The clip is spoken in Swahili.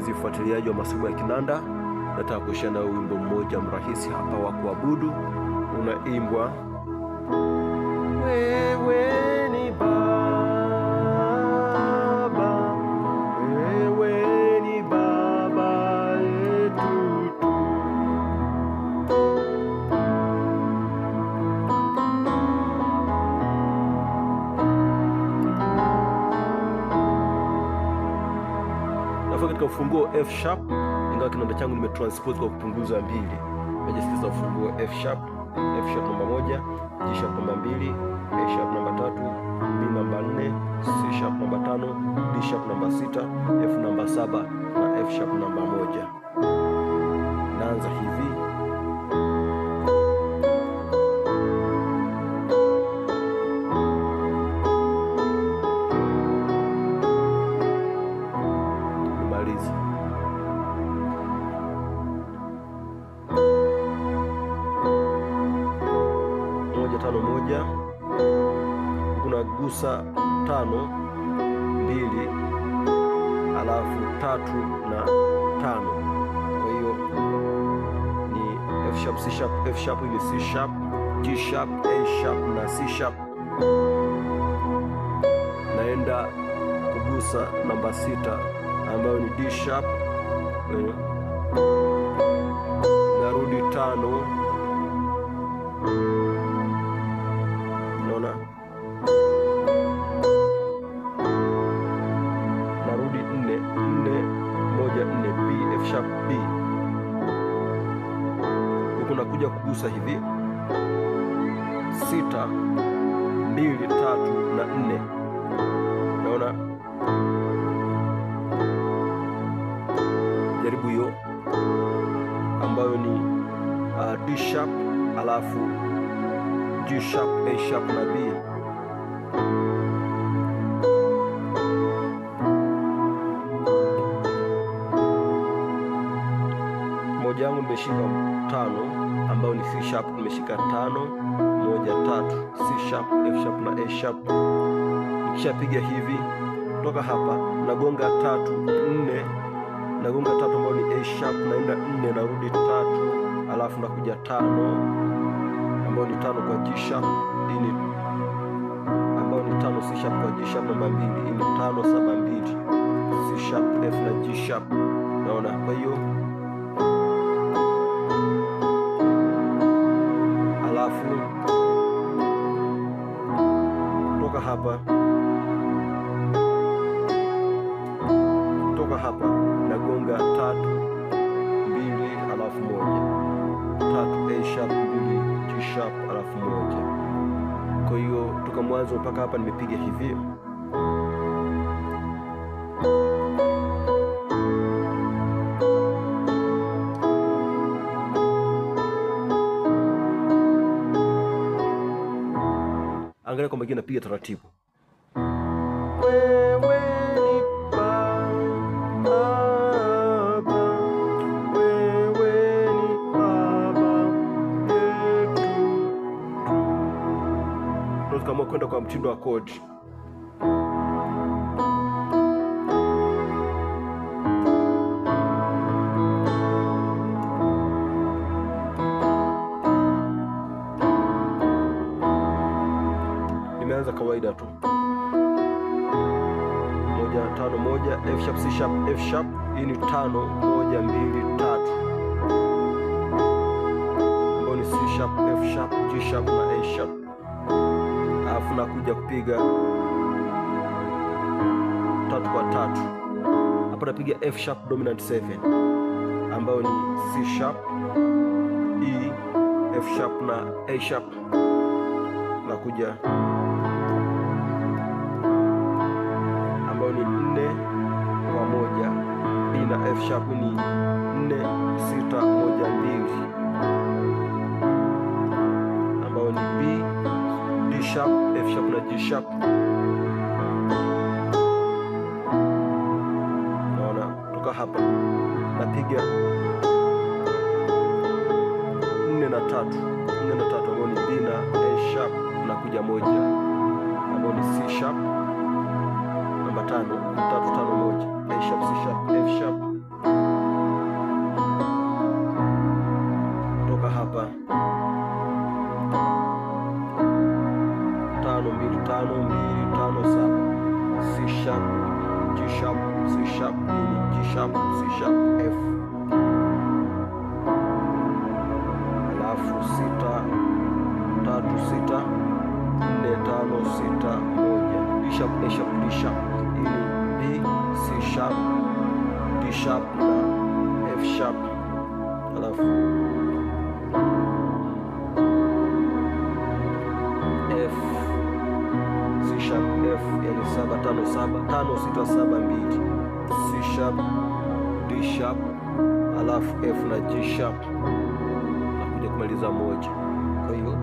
mpenzi mfuatiliaji wa masomo ya kinanda, nataka kuishia na wimbo mmoja mrahisi hapa wa kuabudu unaimbwa wewe Kwa katika ufunguo F sharp, ingawa kinanda changu nimetranspose kwa kupunguza mbili, najisikiliza ufunguo F sharp, F sharp namba moja, G sharp namba mbili, A sharp namba tatu, B namba nne, C sharp namba tano, D sharp namba sita, F namba saba na F sharp namba moja. Naanza hivi. tano moja, unagusa tano mbili, alafu tatu na tano. Kwa hiyo ni F sharp, C sharp, F sharp ile C sharp, G sharp, A sharp na C sharp. Naenda kugusa namba sita ambayo ni D sharp. Eh, utakuja kugusa hivi sita, mbili, tatu na nne. Naona, jaribu hiyo ambayo ni uh, D sharp alafu G sharp, A sharp na B. Moja yangu nimeshika tano ambayo ni C sharp, nimeshika tano moja tatu, C sharp, F sharp na A sharp. Nikishapiga hivi kutoka hapa nagonga tatu nne, nagonga tatu ambayo ni A sharp, naenda nne, narudi tatu, alafu nakuja tano ambayo ni tano kwa G sharp, hii ni ambao ni tano C sharp kwa G sharp namba mbili, hii ni tano saba mbili, C sharp F na G sharp, naona kwa hiyo hapa kutoka hapa nagonga tatu mbili, alafu moja tatu, A sharp mbili, G sharp alafu moja. Kwa hiyo toka mwanzo mpaka hapa nimepiga hivi. angalia kwamba hiyo piga taratibu. kwenda kwa mtindo wa kodi. tunaanza kawaida tu moja tano moja F sharp C sharp F sharp. Hii ni tano moja mbili tatu, ambayo ni C sharp F sharp G sharp na A sharp, alafu nakuja kupiga tatu kwa tatu. Hapa napiga F sharp dominant 7 ambayo ni C sharp E F sharp na A sharp, nakuja sharp ni nne sita moja mbili, ambayo ni B, D sharp, F sharp na G sharp. Naona kutoka hapa napiga nne na tatu, nne na tatu, ambayo ni B na A sharp, na kuja moja ambayo ni C sharp namba tano, tatu tano moja, A sharp, C sharp, F sharp sharp, C sharp, F alafu sita tatu sita nne tano sita moja D sharp, A sharp, D sharp ili B, C sharp, D sharp na F sharp alafu saba tano saba tano sita saba mbili C sharp D sharp alafu F na G sharp na kumaliza moja. Kwa hiyo